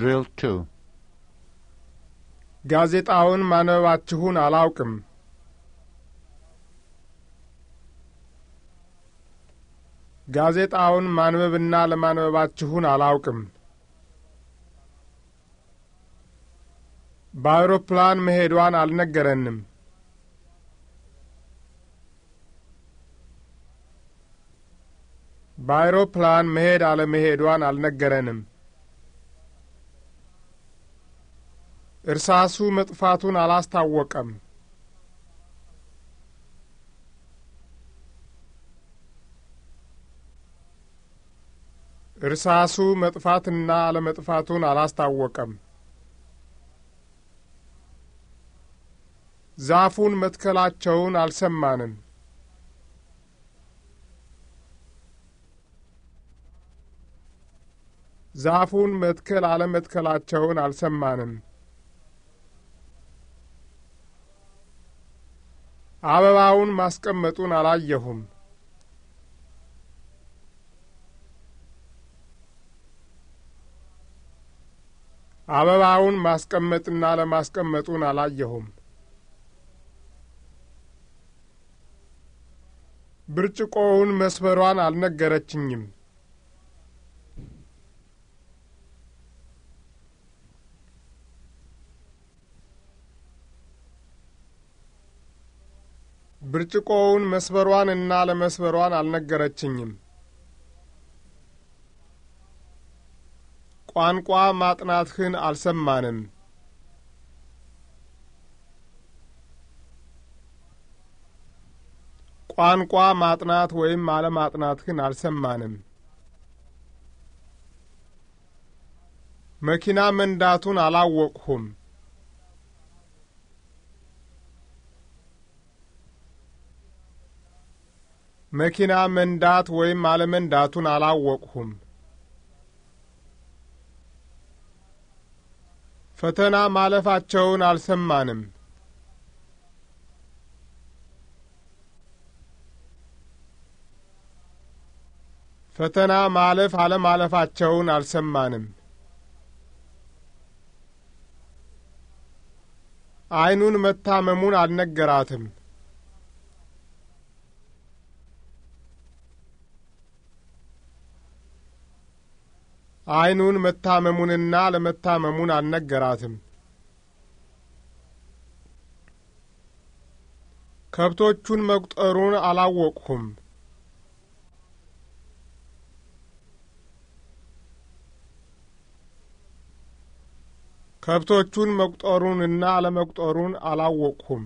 drill 2 ጋዜጣውን ማንበባችሁን አላውቅም። ጋዜጣውን ማንበብና ለማንበባችሁን አላውቅም። በአውሮፕላን መሄዷን አልነገረንም። በአውሮፕላን መሄድ አለመሄዷን አልነገረንም። እርሳሱ መጥፋቱን አላስታወቀም። እርሳሱ መጥፋትና አለመጥፋቱን አላስታወቀም። ዛፉን መትከላቸውን አልሰማንም። ዛፉን መትከል አለመትከላቸውን አልሰማንም። አበባውን ማስቀመጡን አላየሁም። አበባውን ማስቀመጥና ለማስቀመጡን አላየሁም። ብርጭቆውን መስበሯን አልነገረችኝም። ብርጭቆውን መስበሯን እና ለመስበሯን አልነገረችኝም። ቋንቋ ማጥናትህን አልሰማንም። ቋንቋ ማጥናት ወይም አለማጥናትህን አልሰማንም። መኪና መንዳቱን አላወቅሁም። መኪና መንዳት ወይም አለመንዳቱን አላወቅሁም። ፈተና ማለፋቸውን አልሰማንም። ፈተና ማለፍ አለማለፋቸውን አልሰማንም። ዓይኑን መታመሙን አልነገራትም። ዐይኑን መታመሙንና ለመታመሙን አልነገራትም። ከብቶቹን መቁጠሩን አላወቅሁም። ከብቶቹን መቁጠሩንና አለመቁጠሩን አላወቅሁም።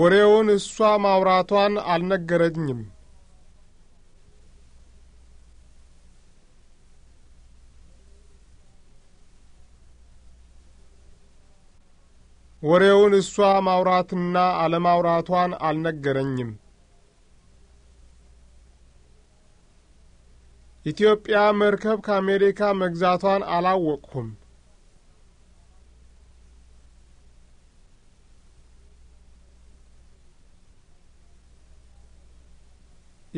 ወሬውን እሷ ማውራቷን አልነገረኝም። ወሬውን እሷ ማውራትና አለማውራቷን አልነገረኝም። ኢትዮጵያ መርከብ ከአሜሪካ መግዛቷን አላወቅሁም።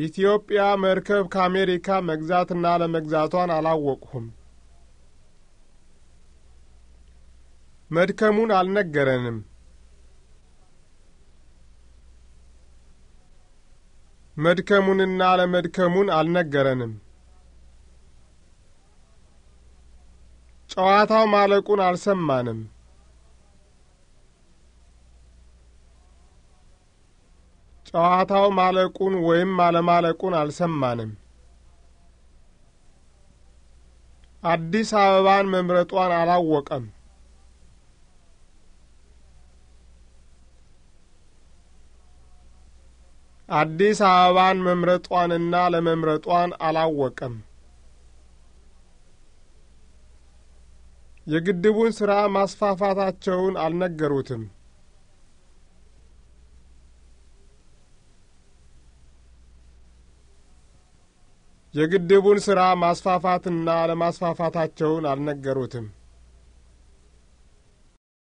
ኢትዮጵያ መርከብ ከአሜሪካ መግዛትና አለመግዛቷን አላወቅሁም። መድከሙን አልነገረንም። መድከሙንና አለመድከሙን አልነገረንም። ጨዋታው ማለቁን አልሰማንም። ጨዋታው ማለቁን ወይም አለማለቁን አልሰማንም። አዲስ አበባን መምረጧን አላወቀም። አዲስ አበባን መምረጧንና ለመምረጧን አላወቀም። የግድቡን ሥራ ማስፋፋታቸውን አልነገሩትም። የግድቡን ሥራ ማስፋፋትና ለማስፋፋታቸውን አልነገሩትም።